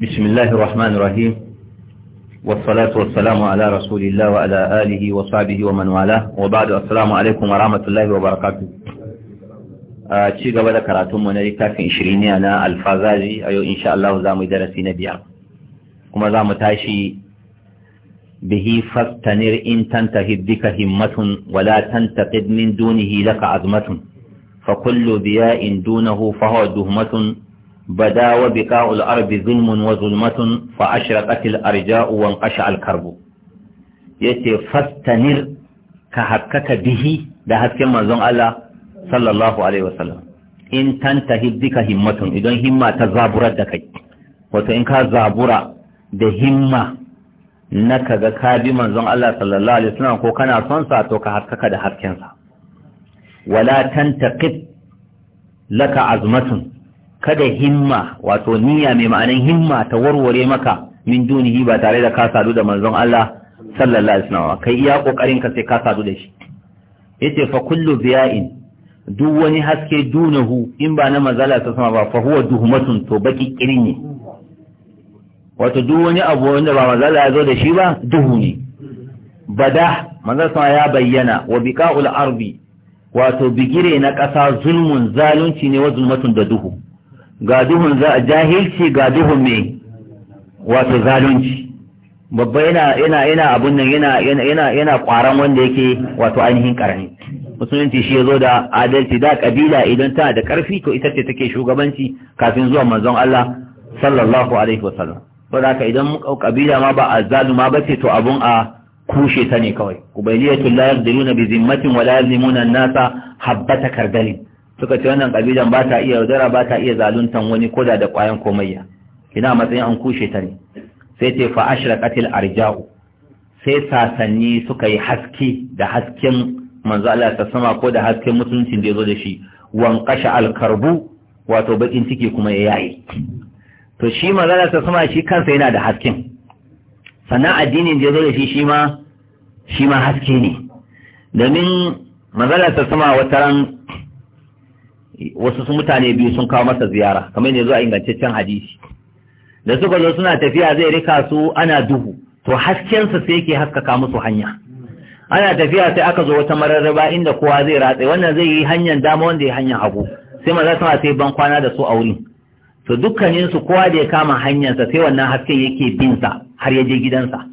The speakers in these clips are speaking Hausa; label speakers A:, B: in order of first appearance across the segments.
A: بسم الله الرحمن الرحيم والصلاة والسلام على رسول الله وعلى آله وصحبه ومن والاه وبعد السلام عليكم ورحمة الله وبركاته أتشي آه، قبل كراتم ونريكا في إشريني أنا الفازاجي أيو إن شاء الله زام درسي نبيع وما زام تايشي به فاستنر إن تنتهي بك همة ولا تنتقد من دونه لك عظمة فكل ضياء دونه فهو دهمة بدا وبقاء الأرض ظلم وظلمة فأشرقت الأرجاء وانقشع الكرب يتي فاستنر كهكك به ده هكما زن الله صلى الله عليه وسلم in tanta hiddika himmatun idan himma ta zaburar da kai wato in ka zabura da himma na kaga ka bi manzon Allah sallallahu alaihi wasallam ko kana son sa to ka haskaka da hasken sa wala tantaqib azmatun kada himma wato niyya mai ma'anin himma ta warware maka min dunihi ba tare da ka sadu da manzon Allah sallallahu alaihi wasallam kai iya kokarin ka sai ka sadu da shi yace fa kullu biya'in duk wani haske dunahu in ba na mazala ta sama ba fa huwa duhmatun to baki kirin ne wato duk wani abu wanda ba mazala ya zo da shi ba duhu ne bada manzon sama ya bayyana wa biqa'ul ardi wato bigire na ƙasa zulmun zalunci ne wa zulmatun da duhu ga duhun jahilci ga duhun mai wato zalunci babba yana yana yana abun nan yana yana yana kwaran wanda yake wato ainihin karami musulunci shi yazo da adalci da kabila idan tana da karfi to ita ce take shugabanci kafin zuwa manzon Allah sallallahu alaihi wasallam saboda haka idan kabila ma ba ba bace to abun a kushe ta ne kawai ubaydiyatu la yaqdiruna bi zimmatin wa la yazlimuna an-nasa habbata kardalin suka ce wannan kabilan ba ta iya yaudara ba ta iya zaluntan wani koda da kwayan komayya ina matsayin an kushe ta ne sai ce fa ashraqatil arja'u sai sasanni suka yi haske da hasken manzo Allah ta sama ko da hasken mutuncin da yazo da shi wan qasha al karbu wato bakin ciki kuma ya yayi to shi manzo Allah ta sama shi kansa yana da hasken sannan addinin da yazo da shi shi ma shi ma haske ne domin manzo Allah ta sama wataran wasu su mutane biyu sun kawo masa ziyara kamar ne zuwa ingantaccen hadisi da suka zo suna tafiya zai rika su ana duhu to haskensa sai yake haskaka musu hanya ana tafiya sai aka zo wata mararraba inda kowa zai ratse wannan zai yi hanyar dama wanda ya hanyar hagu sai maza sama sai ban kwana da su a wurin to dukkaninsu kowa da ya kama hanyarsa sai wannan hasken yake bin sa har ya je gidansa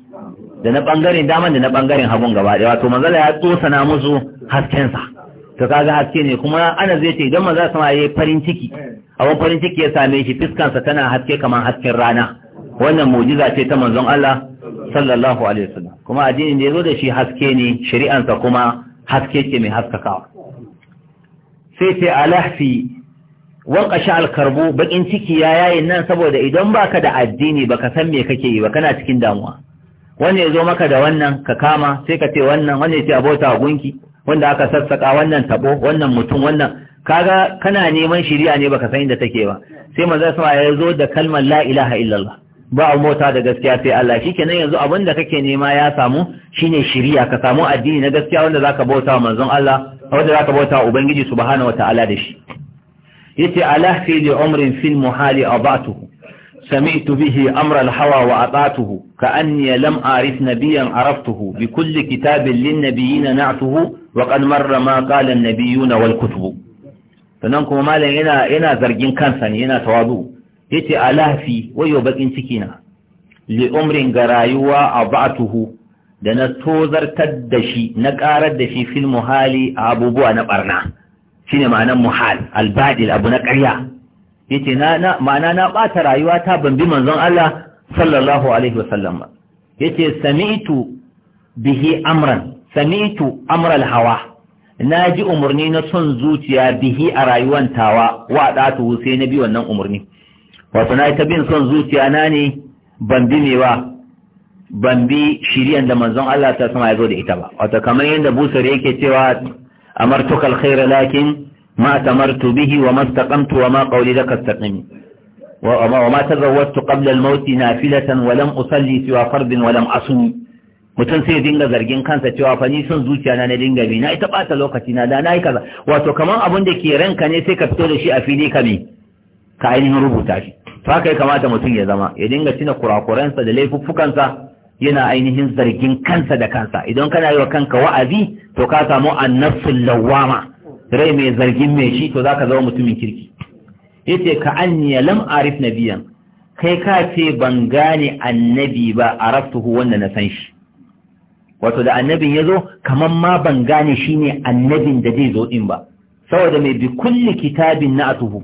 A: da na bangaren daman da na bangaren hagun gaba ɗaya wato manzala ya tsosana musu haskensa ta kaga haske ne kuma ana zai ce idan maza sama yayi farin ciki abin farin ciki ya same shi fiskan sa tana haske kamar hasken rana wannan mu'jiza ce ta manzon Allah sallallahu alaihi wasallam kuma addinin da yazo da shi haske ne shari'ansa kuma haske ce mai haskakawa sai ce alahfi al alkarbu bakin ciki ya yayi nan saboda idan baka da addini baka san me kake yi ba kana cikin damuwa wanne ya zo maka da wannan ka kama sai ka ce wannan wanne ya ce abota gunki wanda aka sassaka wannan tabo wannan mutum wannan kaga kana neman shiriya ne baka san inda take ba sai manzo sama ya zo da kalmar la ilaha illallah ba a mota da gaskiya sai Allah shikenan yanzu abin da kake nema ya samu shine shiriya ka samu addini na gaskiya wanda zaka bauta wa manzon Allah wanda zaka bauta wa ubangiji subhanahu wataala da shi yace alah fi li umrin fil muhali abatuhu سمعت به أمر الحوى وأطعته كأني لم أعرف نبيا عرفته بكل كتاب للنبيين نعته wa qad marra ma qala an-nabiyuna sannan kuma malam yana yana zargin kansa ne yana tawazu yace alafi wayo bakin ciki na li umrin ga rayuwa a abatuhu da na tozartar da shi na karar da shi fil muhali abubuwa na barna shine ma'anar muhal albadil abu na ƙarya yace na ma'ana na bata rayuwa ta bambi manzon Allah sallallahu alaihi wasallam yace sami'tu bihi amran sami'tu amral hawa na ji umarni na son zuciya bihi a rayuwan tawa wa datu sai na bi wannan umarni wato na ta bin son zuciya na ne ban bi mewa ban bi shiriyan da manzon Allah ta sama ya zo da ita ba wato kamar yadda busar yake cewa amartuka khaira lakin ma tamartu bihi wa mastaqamtu wa ma qawli laka istaqimi wa ma tazawwajtu qabla al-maut nafilatan wa lam usalli siwa fardin wa lam asumi mutum sai dinga zargin kansa cewa fa ni son zuciya na na dinga bi na ita bata lokaci na da nayi kaza wato kaman abun da ke ranka ne sai ka fito da shi a fili ka bi ka ainihin rubuta shi to haka ya kamata mutum ya zama ya dinga kurakuran kurakuransa da laifuffukansa yana ainihin zargin kansa da kansa idan kana yi wa kanka wa'azi to ka samu annafsul lawama rai mai zargin mai shi to zaka zama mutumin kirki yace ka anniya lam arif nabiyan kai ka ce ban gane annabi ba araftuhu wanda na san shi wato da annabin ya zo kamar ma ban gane shi ne annabin da zai zo in ba saboda mai bi kulli kitabin na atuhu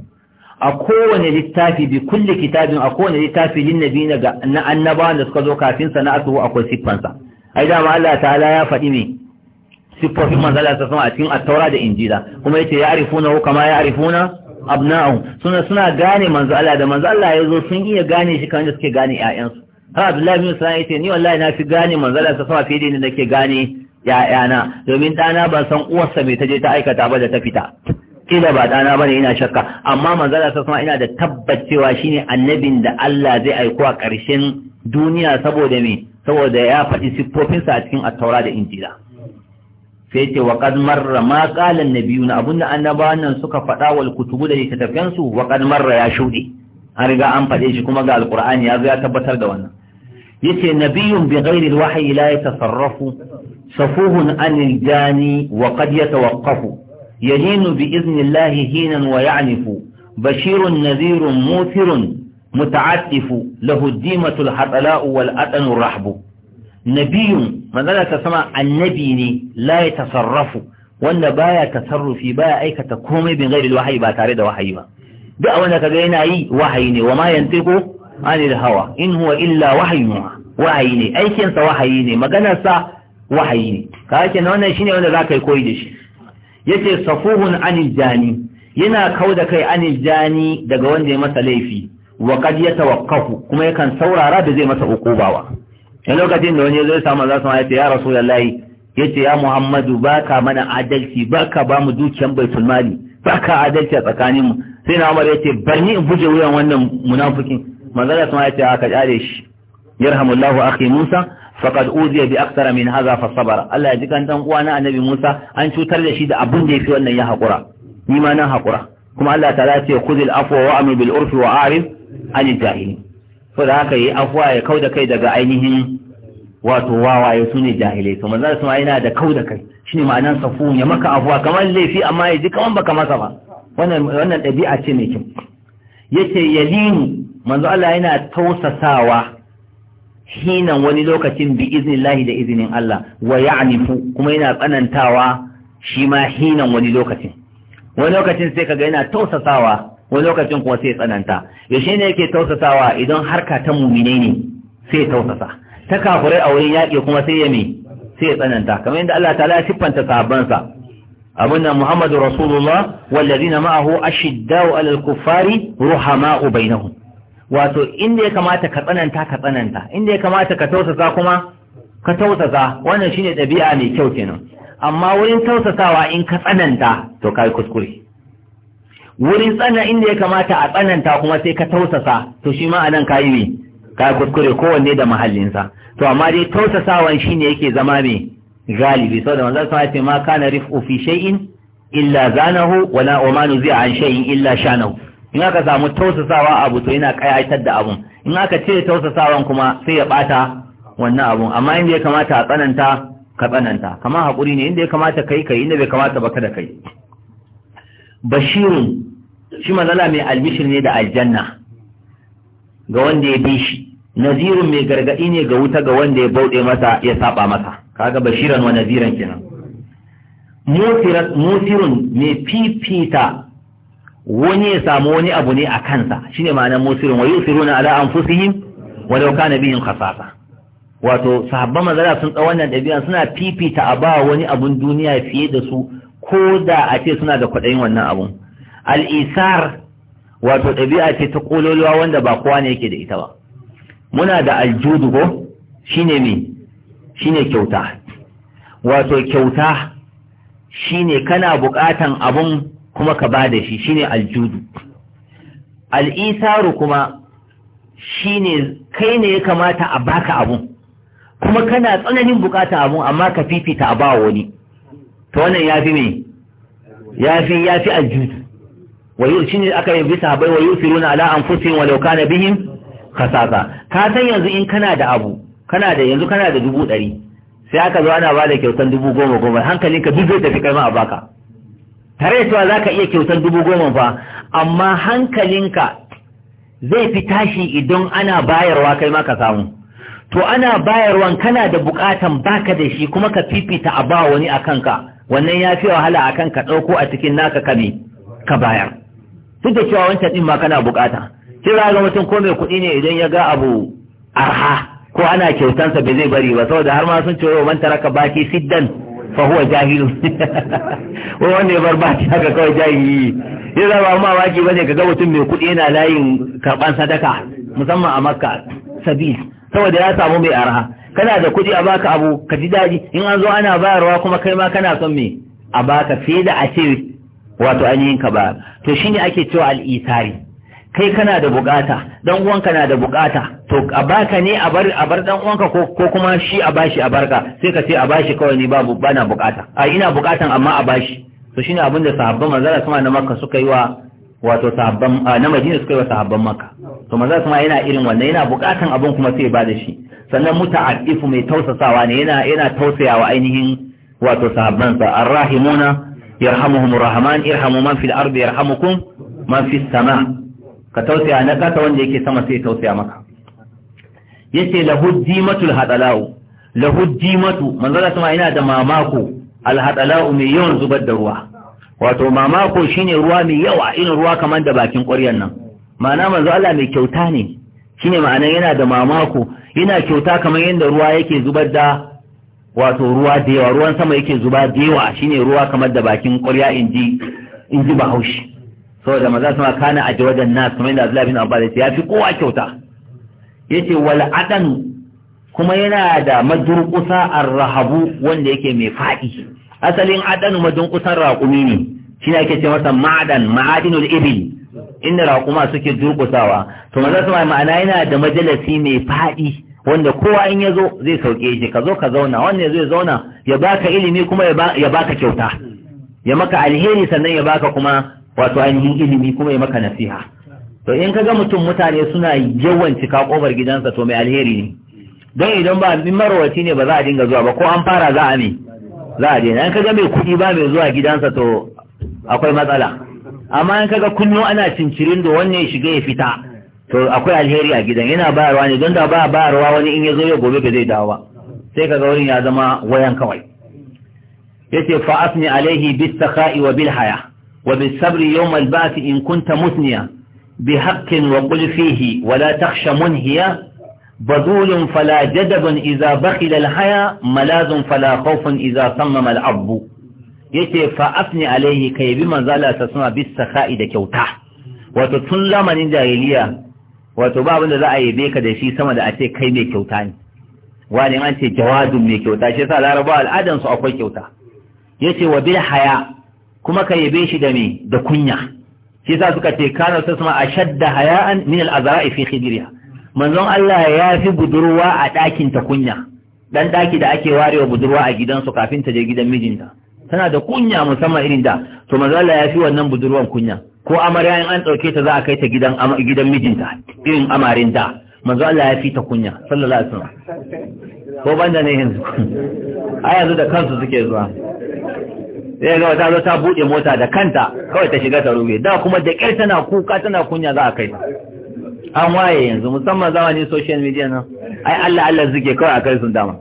A: a kowane littafi bi kulli kitabin a kowane littafi linnabi na annaba da suka zo kafin sa na atuhu akwai siffansa ai dama Allah ta'ala ya faɗi me siffofin manzala ta sama a cikin attaura da injila kuma yace ya arifuna kama ya arifuna abna'u suna suna gane manzo Allah da manzo Allah ya zo sun iya gane shi kan da suke gane ƴaƴansu har abdullahi bin sa'id yace ni wallahi na fi gane manzala sa sama fiye da ni nake gane ya'yana domin ɗana ban san uwarsa mai ta je ta aikata ba da ta fita kila ba ɗana bane ina shakka amma manzala sa sama ina da tabbacewa shine annabin da Allah zai aiko a ƙarshen duniya saboda me saboda ya faɗi siffofinsa a cikin attaura da injila sai ce wa kad marra ma qala annabiyuna abunda annabawan nan suka faɗa wal kutubu da littattafansu wa kad marra ya shuɗe an riga an faɗe shi kuma ga alkurani ya zo ya tabbatar da wannan يتي نبي بغير الوحي لا يتصرف صفوه عن الجاني وقد يتوقف يلين بإذن الله هينا ويعنف بشير نذير موثر متعتف له الديمة الحطلاء والأتن الرحب نبي ماذا لا تسمع النبي لا يتصرف وان بايا تصرفي بايا اي كتكومي بغير الوحي باتارد وحيما بأو انك جينا اي وحيني وما ينتقه anil hawa in huwa illa wahyuha wahayi ne aikinsa wahayi ne maganar sa wahayi ne ka yake wannan shine wanda zaka yi koyi da shi yace safuhun anil jani yana kauda kai anil jani daga wanda ya masa laifi wa kad yatawakkafu kuma yakan saurara da zai masa ukubawa a lokacin da wani ya zo ya samu zasu ya ce ya da yace ya muhammadu baka mana adalci baka ba mu dukiyan baitul mali baka adalci a tsakaninmu sai na umar ce bar ni in buje wuyan wannan munafukin manzala sun ya aka kyale shi yarhamullahu akhi Musa faqad uziya bi akthara min hadha fa sabara Allah ya ji kan dan uwa na annabi Musa an cutar da shi da abun da yafi wannan ya hakura ni ma nan hakura kuma Allah ta ya ce khudil afwa wa amr bil urfi wa arif anil jahili so da haka yi afwa ya kauda kai daga ainihin wato wawaye su ne jahilai to manzala sun yana da kauda kai shine ma'anar safu ya maka afwa kamar laifi amma ya ji kamar baka masa ba wannan wannan dabi'a ce mai kyau yace yalini manzo Allah yana tausasawa hinan wani lokacin bi iznillahi da iznin Allah wa ya'nifu kuma yana tsanantawa shi ma hinan wani lokacin wani lokacin sai kaga yana tausasawa wani lokacin kuma sai tsananta yaushe ne yake tausasawa idan harka ta mumine ne sai tausasa ta kafirai a wurin yaƙi kuma sai ya me sai ya tsananta kamar yadda Allah ta'ala ya siffanta sahabbansa abin da Muhammadu Rasulullah wallazina ma'ahu ashiddau alal ruhama ruhama'u bainahum wato inda ya kamata ka tsananta ka tsananta inda ya kamata ka tausasa kuma ka tausasa wannan shine ɗabi'a mai kyau kenan amma wurin tausasawa in ka tsananta to kai kuskure wurin tsana inda ya kamata a tsananta kuma sai ka tausasa to shi ma anan kai yi kai kuskure kowanne da mahallinsa to amma dai tausasawan shine yake zama mai galibi saboda manzon sa ce ma kana rifu fi shay'in illa zanahu wala umanu zai an shay'in illa shanahu in aka samu tausasawa abu to yana kayatar da abun in aka ce tausasawan kuma sai ya bata wannan abun amma inda ya kamata a tsananta ka tsananta kamar haƙuri ne inda ya kamata kai kai inda bai kamata ba da kai bashirun shi manzala mai albishir ne da aljanna ga wanda ya bi shi nazirun mai gargaɗi ne ga wuta ga wanda ya bauɗe masa ya saba masa kaga bashiran wa naziran kenan musirun mai fifita wani ya samu wani abu ne a kansa Shi ne ma'anar musirin wa yusiruna ala wa dauka na bihim kasasa wato sahabban mazara sun tsawon nan ɗabi'a suna fifita a ba wani abun duniya fiye da su ko da a ce suna da kwaɗayin wannan abun al'isar wato ɗabi'a ce ta ƙololuwa wanda ba kowa ne yake da ita ba muna da aljudu ko ne me ne kyauta wato kyauta shi ne kana buƙatan abun kuma ka ba da shi shine aljudu al'isaru kuma shine kai ne ya kamata a baka abun kuma kana tsananin bukata abun amma ka fifita a ba wani Ta wannan ya fi mai ya fi ya aljudu wayo aka yi bisa bai wayo firuna ala wa lauka na bihin kasasa ka san yanzu in kana da abu kana da yanzu kana da dubu ɗari sai aka zo ana ba da kyautan dubu goma goma hankalinka duk zai tafi kai ma a baka tare da cewa za ka iya kyautar dubu goma fa amma hankalinka zai fi tashi idan ana bayarwa kai ma ka samu to ana bayarwan kana da bukatan baka da shi kuma ka fifita a ba wani a kanka wannan ya fi wahala a kanka ɗauko a cikin naka kame ka bayar duk da cewa wancan ɗin ma kana bukata sai za ga mutum ko mai kuɗi ne idan ya ga abu arha ko ana kyautansa bai zai bari ba saboda har ma sun ce wa man taraka baki siddan fahuwa jahilu wai wanda ya bar bashi haka kawai jahili ya zama ma waki bane ga mutum mai kuɗi yana layin karban sadaka musamman a makka sabil saboda ya samu mai arha kana da kuɗi a baka abu ka ji daji in an zo ana bayarwa kuma kai ma kana son me a baka fiye da a ce wato an yin ka ba to ne ake cewa al'isari kai kana da bukata dan uwanka na da bukata to a baka ne a bar a bar dan uwanka ko ko kuma shi a bashi a barka sai ka ce a bashi kawai ne babu bana bukata a ina bukatan amma a bashi to shine abin da sahabban manzara kuma na makka suka yi wa wato sahabban na madina suka yi wa sahabban makka to manzo kuma yana irin wannan yana bukatan abin kuma sai ba da shi sannan muta'addifu mai tausasawa ne yana yana tausayawa ainihin wato sahabban sa arrahimuna yarhamuhumur rahman irhamu man fil ardi yarhamukum man fis sama' ka tausaya na kasa wanda yake sama sai tausaya maka yace la hujjimatul hadalau lahu dimatu manzala sama ina da mamako al hadalau mai yawan zubar da ruwa wato mamako shine ruwa mai yawa irin ruwa kamar da bakin ƙoryan nan ma'ana manzo Allah mai kyauta ne shine ma'ana yana da mamako yana kyauta kamar yadda ruwa yake zubar da wato ruwa da yawa ruwan sama yake zuba da yawa shine ruwa kamar da bakin ƙwarya inji inji bahaushe saboda maza suna kana a jawajen nas kuma inda Abdullahi bin da ya fi kowa kyauta yace wal adan kuma yana da a rahabu wanda yake mai fadi asalin adan madurkusan raƙumi ne shi ake ce masa ma'adan ma'adinul ibil inda raƙuma suke durkusawa to maza suna ma'ana yana da majalasi mai fadi wanda kowa in ya zo zai sauke shi ka zo ka zauna wannan zai zauna ya baka ilimi kuma ya baka kyauta ya maka alheri sannan ya baka kuma wato ainihin ilimi kuma ya maka nasiha to in kaga mutum mutane suna yawan cika kofar gidansa to mai alheri ne don idan ba in marwaci ne ba za a dinga zuwa ba ko an fara za a ne za a daina in kaga mai kuɗi ba mai zuwa gidansa to akwai matsala amma in kaga kullum ana cincirin da wannan shiga ya fita to akwai alheri a gidan yana bayarwa ne don da ba bayarwa wani in ya zo ya gobe ba zai dawo ba sai kaga wurin ya zama wayan kawai yace fa asni alaihi bis sakha'i wa bil haya وبالصبر يوم البعث إن كنت مثنيا بحق وقل فيه ولا تخش منهيا بذول فلا جدب إذا بخل الحيا ملاذ فلا خوف إذا صمم العب yace fa afni alaihi kai bi manzala ta suna bis saka'i da kyauta wato tun lamarin jahiliya wato ba abin da za a yi ka da shi sama da a ce kai mai kyauta ne wani an ce jawadun mai kyauta shi yasa laraba al'adan su akwai kyauta yace wa bil haya kuma ka yabe shi da me da kunya shi yasa suka ce kana sasma ashadda haya'an min al-azra'i fi khidriha manzon Allah ya fi budurwa a ɗakin ta kunya dan ɗaki da ake warewa budurwa a gidansu kafin ta je gidan mijinta tana da kunya musamman irin da to manzon Allah ya fi wannan budurwan kunya ko amarya in an dauke ta za a kai ta gidan gidan mijinta irin amarin da manzon Allah ya fi ta kunya sallallahu alaihi wasallam ko banda ne yanzu a yanzu da kansu suke zuwa sai ga ta zo ta buɗe mota da kanta kawai ta shiga ta rufe, da kuma da ƙyar tana kuka tana kunya za a kai an waye yanzu musamman zamanin social media nan ai Allah Allah zuke kawai a kai sun dama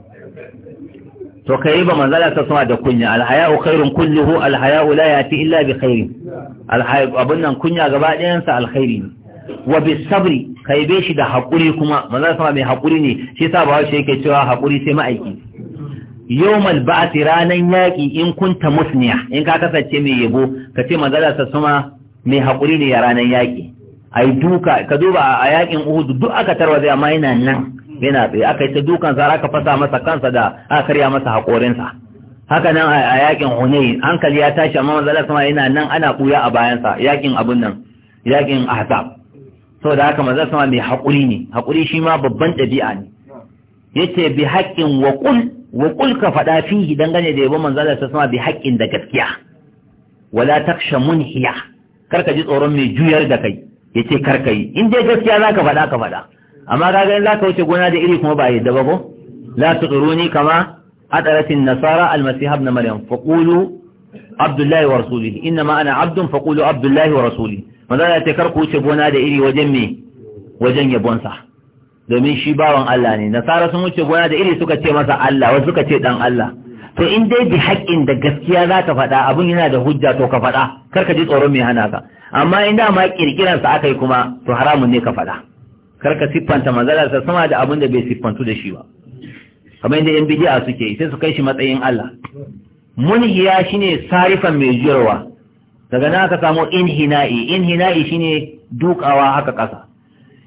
A: to kai ba manzala ta sama da kunya alhaya'u khairun kulluhu alhaya'u la yati illa bi khairin alhaya'u abun nan kunya gaba ɗayan sa alkhairi ne wa bi sabri kai be shi da hakuri kuma manzala sama mai hakuri ne shi sa ba shi yake cewa hakuri sai ma'aiki yawmal ba'ati ranan yaƙi in kunta musniya in ka kasance mai yabo ka ce magana sa suma mai haƙuri ne ya ranan yaƙi ai duka ka duba a yaƙin Uhud duk aka tarwaje amma yana nan yana tsaye aka yi ta dukan sa aka fasa masa kansa da aka karya masa haƙorinsa haka nan a yaƙin Hunayn hankali ya tashi amma magana sama yana nan ana ɓuya a bayansa yaƙin abun nan yaƙin Ahzab saboda haka magana sama mai haƙuri ne haƙuri shi ma babban ɗabi'a ne yace bi haƙƙin wa wa kulka faɗa fihi dangane da yabon manzo Allah sama bi haƙƙin da gaskiya wala taksha munhiya karka ji tsoron mai juyar da kai yace karka yi in dai gaskiya zaka faɗa ka faɗa amma kaga in zaka wuce gona da iri kuma ba yadda ba ko la tuqiruni kama أدرت النصارى المسيح ابن مريم فقولوا عبد الله ورسوله إنما أنا عبد فقولوا عبد الله ورسوله ماذا لا تكركوا شبونا دائري وجمي وجن يبون صح domin shi bawan Allah ne nasara sun wuce gona da iri suka ce masa Allah wasu suka ce dan Allah to in dai bi haƙƙin da gaskiya za ta faɗa abun yana da hujja to ka faɗa kar ka ji tsoron mai hana ka amma in da ma kirkiran sa akai kuma to haramun ne ka faɗa kar ka siffanta manzalar sa sama da abun da bai siffantu da shi ba kamar yadda yan a suke sai su kai shi matsayin Allah munhiya shine sarifan mai juyarwa daga nan aka samu inhina'i inhina'i shine dukawa haka ƙasa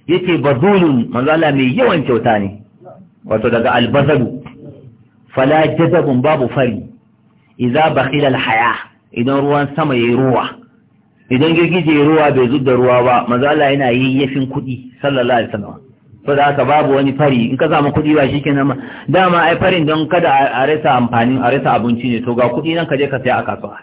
A: Yake bazulun manzala mai yawan kyauta ne wato daga albazalu fala jazabun babu fari idza bakhila alhaya idan ruwan sama yayi ruwa idan girgije ruwa bai da ruwa ba manzala yana yana yayyafin kuɗi sallallahu alaihi wasallam so da haka babu wani fari in ka samu kuɗi ba shikenan ma dama ai farin don kada a rasa amfanin a rasa abinci ne to ga kuɗi nan ka je ka saya a kasuwa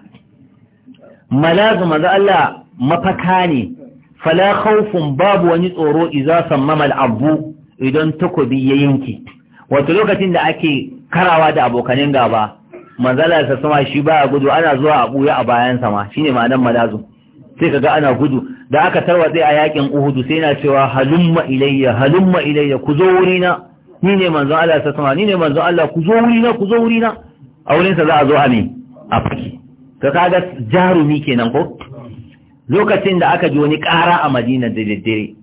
A: malazu manzo Allah mafaka ne fala khawfun babu wani tsoro idza sammama al-abu idan takobi ya yanki. wato lokacin da ake karawa da abokanin gaba manzala sa sama shi baya gudu ana zuwa a buya a bayan sama shine ma'anar malazu sai kaga ana gudu da aka tarwatse a yakin uhudu sai na cewa halumma ilayya halumma ilayya ku zo wurina ni ne manzon Allah sa sama ni ne manzon Allah ku zo wurina ku zo wurina a wurin sa za a zo a me a faki Ka kaga jarumi kenan ko lokacin da aka ji wani ƙara a madina da daddare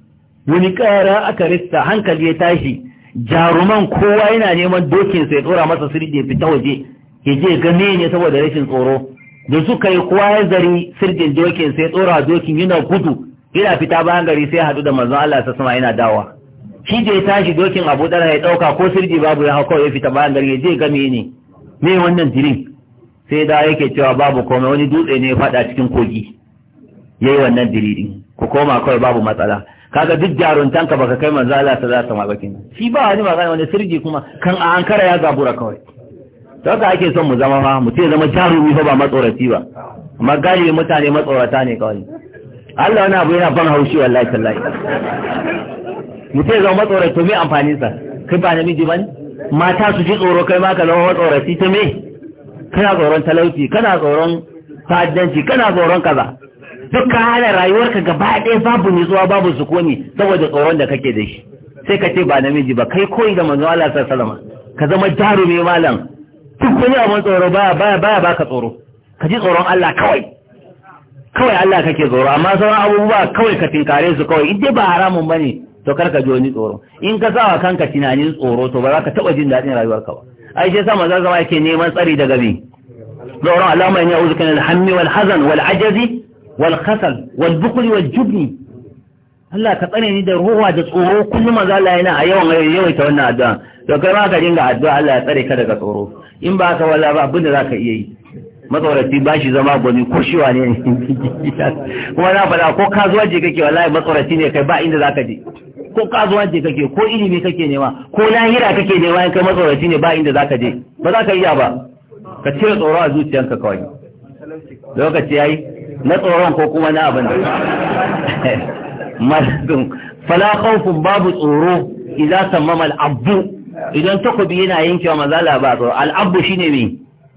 A: wani ƙara aka rista hankali ya tashi jaruman kowa yana neman dokin sai tsora masa sirje fita waje ya je game ne saboda rashin tsoro da suka yi kowa ya zari sirjin dokin sai tsora dokin yana gudu yana fita bayan gari sai haɗu da manzon Allah ta sama yana dawa shi da ya tashi dokin Abu Dara ya ɗauka ko sirji babu ya hau ya fita bayan gari ya je game ne me wannan jirin sai da yake cewa babu komai wani dutse ne ya faɗa cikin kogi yayi wannan dalilin, ku koma kawai babu matsala kaga duk jaruntanka baka kai manzo Allah ta zata ma baki shi ba wani magana wani sirji kuma kan a ankara ya zabura kawai to haka ake son mu zama ma mu ce zama jarumi fa ba matsorati ba amma galibi mutane matsorata ne kawai Allah wani abu yana ban haushi wallahi tallahi mu ce zama matsoraci to me amfanin sa kai ba namiji bane mata su ji tsoro kai ma ka zama matsorati to me kana tsoron talauci kana tsoron ta'addanci kana tsoron kaza duk ka hana rayuwarka gaba ɗaya babu nutsuwa babu sukuni saboda tsoron da kake da shi sai ka ce ba namiji ba kai koyi da manzo Allah sallallahu ka zama jarumi malam duk wani abin tsoro baya baya baya baka tsoro ka ji tsoron Allah kawai kawai Allah kake tsoro amma sauran abubuwa kawai ka tinkare su kawai in ba haramun bane to kar ka ji wani tsoro in ka wa kanka tunanin tsoro to ba za ka taba jin daɗin rayuwarka ba ai shi yasa manzo zama yake neman tsari daga me tsoron Allah mai ne uzukan alhammi wal hazan wal ajazi wal kasal wal wal jubni Allah ka tsare ni da ruwa da tsoro kullum maza Allah yana a yawan yawaita wannan addu'a to kai ma ka dinga addu'a Allah ya tsare ka daga tsoro in ba ka wala ba abin da zaka iya yi matsoraci ba shi zama gwani ko shiwa ne kuma na faɗa ko je kake wallahi matsoraci ne kai ba inda zaka je ko je kake ko ilimi kake nema ko lahira kake nema in kai matsoraci ne ba inda zaka je ba za ka iya ba ka cire tsoro a zuciyanka kawai lokaci yayi na tsoron ko kuma na abin maradun fala khawfun babu tsoro idan sammama al'abdu idan takobi yana yankewa maza ba tsoro al'abdu shine me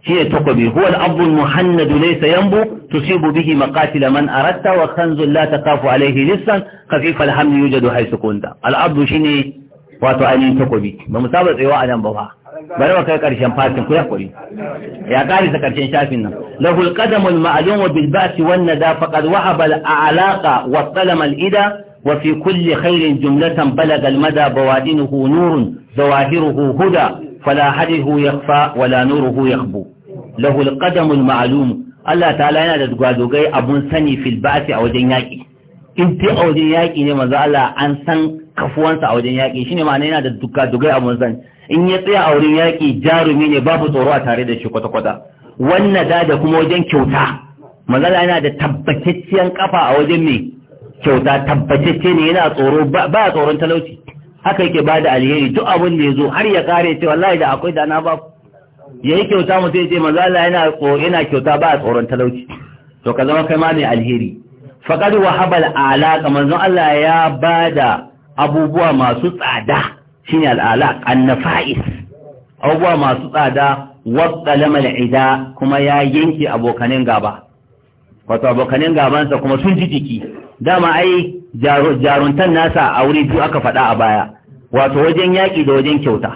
A: shine takobi huwa al'abdu muhannadu laysa yanbu tusibu bihi maqatil man aratta wa khanzul la taqafu alayhi lisan khafif al-hamli yujadu haythu kunta al'abdu shine wato ainihin takobi ba mu saba tsayawa a nan ba ba bari wa kai karshen fatin ku yakuri ya karisa karshen shafin nan lahul qadamul ma'lum bil ba'si wan nada faqad wahaba al alaqa wa talama al ida wa fi kulli khairin jumlatan balaga al mada bawadinuhu nurun zawahiruhu huda fala hadihu yakhfa wala nuruhu yakhbu lahul qadamul ma'lum Allah ta'ala yana da dugadugai abun sani fil ba'si a wajen yaki in fi a wajen yaki ne manzo Allah an san kafuwansa a wajen yaƙi shine ma'ana yana da duka dugai a munzan in ya tsaya a wurin yaƙi jarumi ne babu tsoro a tare da shi kwata-kwata wannan da da kuma wajen kyauta manzala yana da tabbatacciyar kafa a wajen mai kyauta tabbatacce ne yana tsoro ba a tsoron talauci haka yake ba da alheri duk abin da ya zo har ya kare ce wallahi da akwai da na ba ya yi kyauta mu sai ce yana yana kyauta ba a tsoron talauci to ka zama kai ma mai alheri faqad wahabal, al-ala manzon Allah ya bada abubuwa masu tsada shine al'ada, annafa'is abubuwa masu tsada lamar ida kuma ya yanke abokanin gaba wato abokanin gabansa kuma sun ji jiki dama ai jaruntan nasa a wuri biyu aka faɗa a baya wato wajen yaƙi da wajen kyauta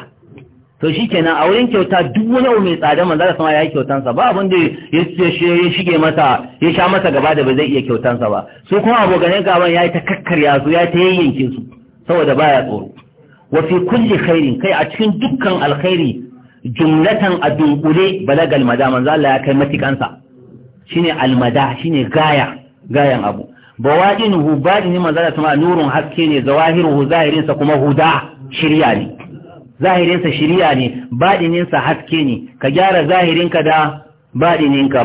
A: to shi kenan a wurin kyauta duk wani abu mai tsada manzo da sama ya yi kyautansa ba abin ya shige masa ya sha masa gaba da ba zai iya kyautansa ba su kuma abokanin gaban ya yi ta kakkarya su ya ta yayyanke su saboda baya tsoro wa fi kulli khairin kai a cikin dukkan alkhairi jumlatan a dunkule balagal mada manzo Allah ya kai matikansa shine almada shine gaya gayan abu bawaɗinuhu baɗini manzo Allah sama nurun haske ne zawahiruhu zahirinsa kuma huda shirya ne zahirinsa shirya ne sa haske ne ka gyara zahirinka da badinin ka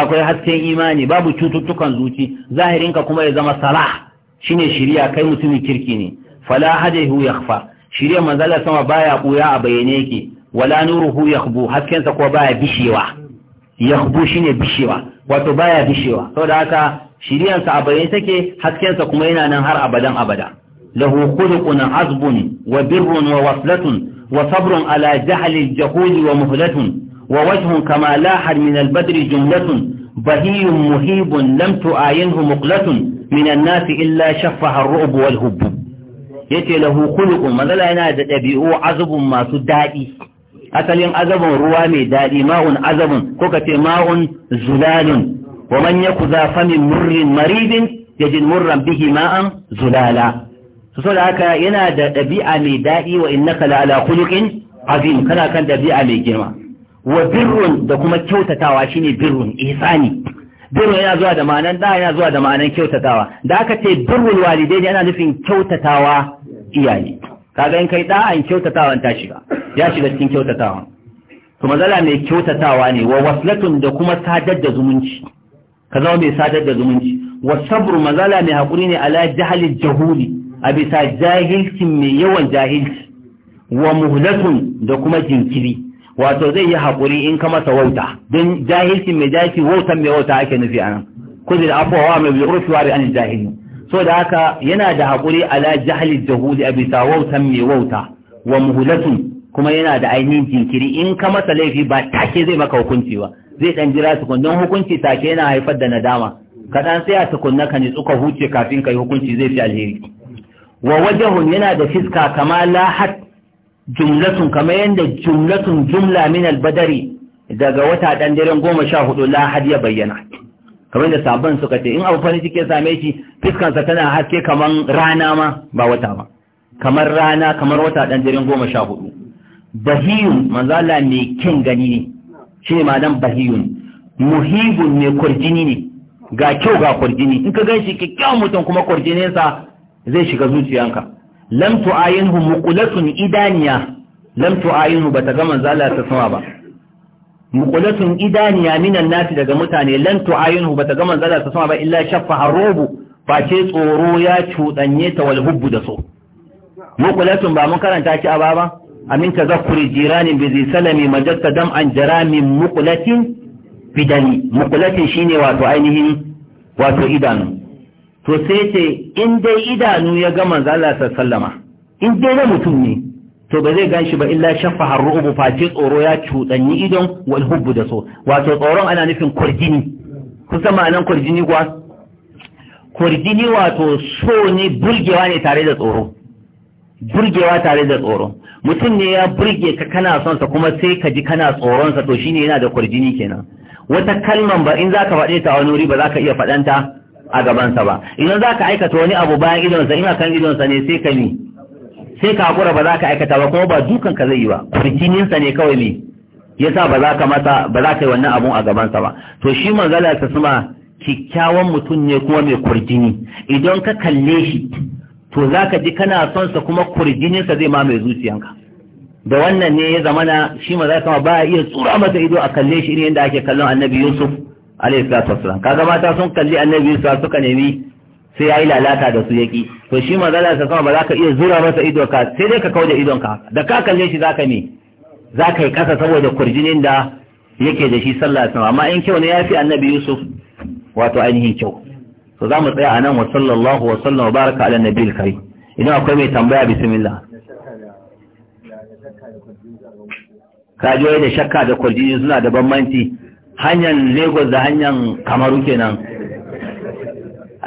A: akwai hasken imani babu cututtukan zuci zahirinka kuma ya zama salah shine shirya kai mutumin kirki ne فلا هو يخفى شريه من ذلك سما بايا قويا بينيك ولا نوره يخبو هات كنسا قوى بايا بشيوا يخبو شيني بشيوا واتو بايا بشيوا فلاتا شريه انسا بينيك هات كنسا قمينا ننهار أبدا أبدا له خلق عزب وبر ووصلة وصبر على جهل الجهود ومهلة ووجه كما لاحد من البدر جملة بهي مهيب لم تعينه مقلة من الناس إلا شفها الرؤب والهبوب ce lahu khuluqun manzala yana da ɗabi'u azabun masu daɗi. asalin azabun ruwa mai daɗi ma'un azabun ko kace ma'un zulalun wa man yakuza famin murrin maridin yajid murran bihi ma'an zulala su so da haka yana da ɗabi'a mai daɗi wa innaka la ala khuluqin azim kana kan dabi'a mai girma wa birrun da kuma kyautatawa shine birrun ihsani birru yana zuwa da ma'anan da yana zuwa da ma'anan kyautatawa da aka ce birrul walidai yana nufin kyautatawa iyaye kaga in kai da'an kyautatawan ta shiga ya shiga cikin kyautatawa. to mazala mai kyautatawa ne wa waslatun da kuma sadar da zumunci ka zama mai sadar da zumunci wa sabr mazala mai hakuri ne ala jahalil jahuli a bisa jahilkin mai yawan jahilci wa muhlatun da kuma jinkiri wato zai yi hakuri in ka masa wauta don jahilkin mai jahilci wautan mai wauta ake nufi anan kuzi da afuwa mai bi urfi wa jahilin so da haka yana da haƙuri ala jahli jahudi a bisa wautan mai wauta wa muhulatun kuma yana da ainihin jinkiri in ka masa laifi ba take zai maka hukunci ba zai dan jira kun don hukunci take yana haifar da nadama ka dan tsaya tukunna ka ne tsuka huce kafin ka yi hukunci zai fi alheri wa wajahun yana da fiska kama lahat jumlatun kama yanda jumlatun jumla min albadari daga wata dan daren goma sha hudu lahad ya bayyana kamar da sabon suka ce in abu farin ciki ya same shi fiskansa tana haske kamar rana ma ba wata ba kamar rana kamar wata ɗan jirin goma sha hudu bahiyun manzala mai kin gani ne shi ne ma'anan bahiyun muhibun mai kwarjini ne ga kyau ga kwarjini in ka gan shi kyakkyawan mutum kuma sa zai shiga zuciyanka lam tu'ayinhu muqulatun idaniya lam tu'ayinhu bata ga manzala ta sama ba muƙulatun idaniya minan nasi daga mutane lan tu'ayinu bata ga manzala ta sama ba illa shaffa harubu face tsoro ya cudanye ta wal hubbu da so Mukulatun ba mun karanta ki a baba amin zakuri jiranin bi zi salami majatta dam an jaramin muqulatin fidani shi shine wato ainihin wato idanu to sai ce in dai idanu ya ga manzala ta sallama in dai na mutum ne to ba zai ganshi ba illa shaffa harru'ubu face tsoro ya cuɗanyi idon wal hubbu da so wato tsoron ana nufin kurjini kusa ma'anan kurjini kuwa kurjini wato so ne burgewa ne tare da tsoro burgewa tare da tsoro mutum ne ya burge ka kana son sa kuma sai ka ji kana tsoron sa to shine yana da kurjini kenan wata kalman ba in zaka faɗe ta wani wuri ba zaka iya faɗanta a gaban sa ba idan zaka aikata wani abu bayan idon sa ina kan idon sa ne sai ka mi sai ka hakura ba za ka aikata ba kuma ba dukan ka zai yi ba fitininsa ne kawai ne yasa ba za ka mata ba za ka yi wannan abun a gabansa ba to shi manzala ta suma kikkiawan mutum ne kuma mai kurjini idan ka kalle shi to za ka ji kana son sa kuma kurjininsa zai ma mai zuciyanka da wannan ne ya zamana shi manzala ta ba iya tsura mata ido a kalle shi irin yadda ake kallon annabi yusuf alaihi salatu wasalam kaga mata sun kalli annabi yusuf suka nemi sai ya yi lalata da su yaki to shi manzala sa sama ba za ka iya zura masa ido ka sai dai ka kauda idon ka da ka kalle shi zaka me zaka yi kasa saboda kurjinin da yake da shi sallallahu alaihi wasallam amma in kyau ne ya fi annabi Yusuf wato ainihin kyau to za mu tsaya anan wa sallallahu wa sallam wa baraka ala nabiyil karim idan akwai mai tambaya bismillah joye da shakka da kurjini suna da bambanci hanyar lagos da hanyar kamaru kenan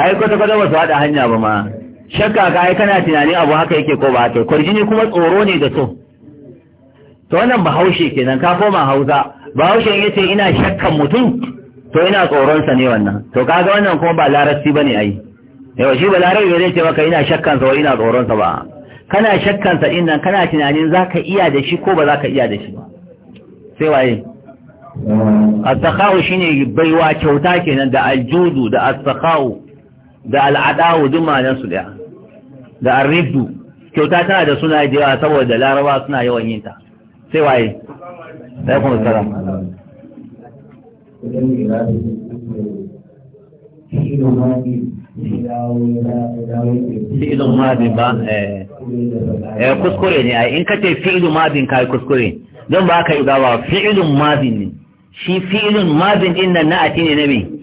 A: ai kwata-kwata ba su haɗa hanya ba ma shakka ka ai kana tunanin abu haka yake ko ba haka kwarjini kuma tsoro ne da so to wannan bahaushe kenan ka koma hausa bahaushen ya ce ina shakkan mutum to ina tsoronsa ne wannan to kaga wannan kuma ba larabci ba ne ai yau shi ba larabci ba zai ce maka ina shakkansa wa ina tsoronsa ba kana shakkansa din nan kana tunanin za ka iya da shi ko ba za ka iya da shi ba sai waye mm. shi shine baiwa kyauta kenan da aljudu da asakawu da al'adawu duk ma'anar su daya da arridu kyauta tana da suna da yawa saboda laraba suna yawan yin ta sai waye
B: sai kuma salam
A: fi'ilun madin ba eh, eh kuskure ne ai in kace fi'ilun madin kai kuskure don ba ka yi ba fi'ilun madin ne shi fi'ilun madin din nan na ati ne nabi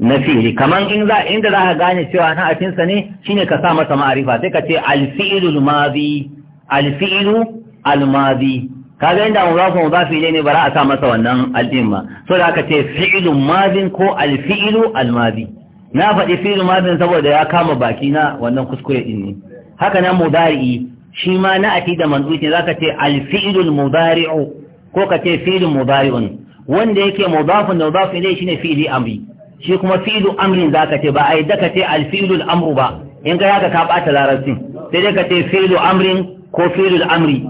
A: na fi'ili kaman in za inda za ka gane cewa na afinsa ne shine ka sa masa ma'arifa sai ka ce alfi'ilul mazi alfi'ilu almazi kaga inda mudafun mudafi ilayhi ne bara a sa masa wannan al'in ba so da ka ce fi'ilun mazin ko alfi'ilu almazi na faɗi fi'ilun mazin saboda ya kama baki na wannan kuskure din ne haka nan mudari'i shi ma na ati da manzuci ka ce alfi'ilul mudari'u ko ka ce fi'ilun mudari'un wanda yake mudafun da mudafun ne shine fi'ili amri shi kuma fi'lu amrin za ka ce ba ai daka ce al amru ba in ga haka ka bata larabcin sai dai ka ce fi'lu amrin ko fi'lu amri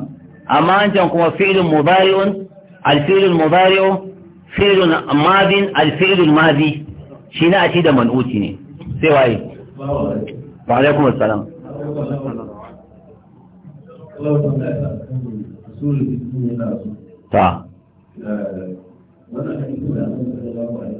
A: amma an can kuma fi'lu mudari'un al-fi'lu al-mudari'u fi'lu madin al shi na ci da man'uti ne sai waye wa alaikum assalam ta wannan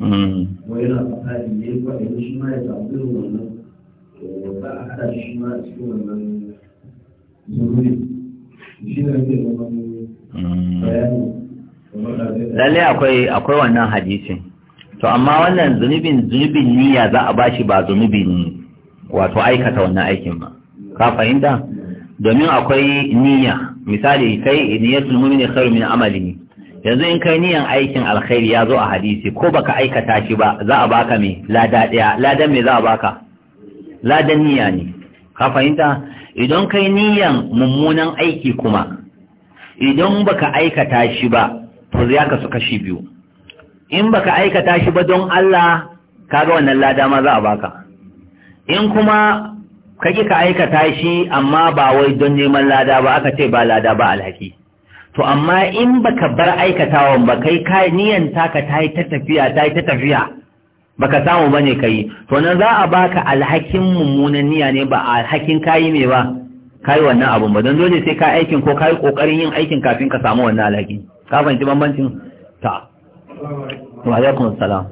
A: Mm. wai yana fasari ne ba da shi ma ya samu wannan ba eh, a haɗa shi ma a cikin wannan zururi shi ne mm. zai zama bayani lalle akwai akwai wannan hadisin to amma wannan zunubin zunubin niyya za a bashi ba zunubin wato aikata wannan aikin ba ka fahimta mm. domin akwai niyya misali kai niyyatul mu'mini khairu min amali yanzu in kai niyan aikin alkhairi ya zo a hadisi ko baka aikata shi ba za a baka me lada daya ladan me za a baka ladan niyya ne ka fahimta idan kai niyan mummunan aiki kuma idan baka aikata shi ba to ka suka shi biyu in baka aikata shi ba don Allah kaga wannan lada ma za a baka in kuma kake ka aikata shi amma ba wai don neman lada ba aka ce ba lada ba alhaki to amma in baka bar aikatawan ba kai ka niyan taka ta yi ta tafiya ta yi ta tafiya baka samu bane kai to nan za a baka alhakin mummunan niyya ne ba alhakin kayi me ba kayi wannan abun ba don dole sai ka aikin ko kayi kokarin yin aikin kafin ka samu wannan alhaki ka fahimci bambancin ta wa alaikum assalam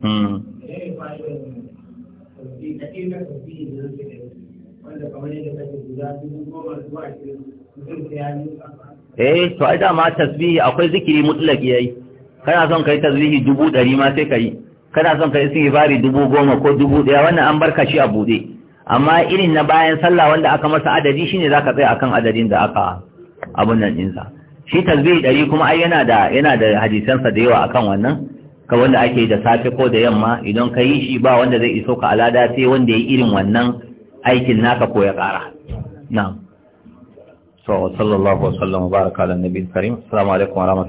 A: hmm. eh, wanda kamar yadda kake eh to ai dama tasbihi akwai zikiri mutlaki yayi kana son kai tasbihi dubu ɗari ma sai kai kana son kai istighfari dubu goma ko dubu ɗaya wannan an barka shi a buɗe amma irin na bayan sallah wanda aka masa adadi shine zaka tsaya akan adadin da aka abun nan ɗinsa shi tasbihi ɗari kuma ai yana da yana da hadisansa da yawa akan wannan ka wanda ake da safe ko da yamma idan ka yi shi ba wanda zai iso ka alada sai wanda ya irin wannan aikin naka ko ya ƙara na'am so sallallahu alaihi wa sallam baraka da nabiyil karim assalamu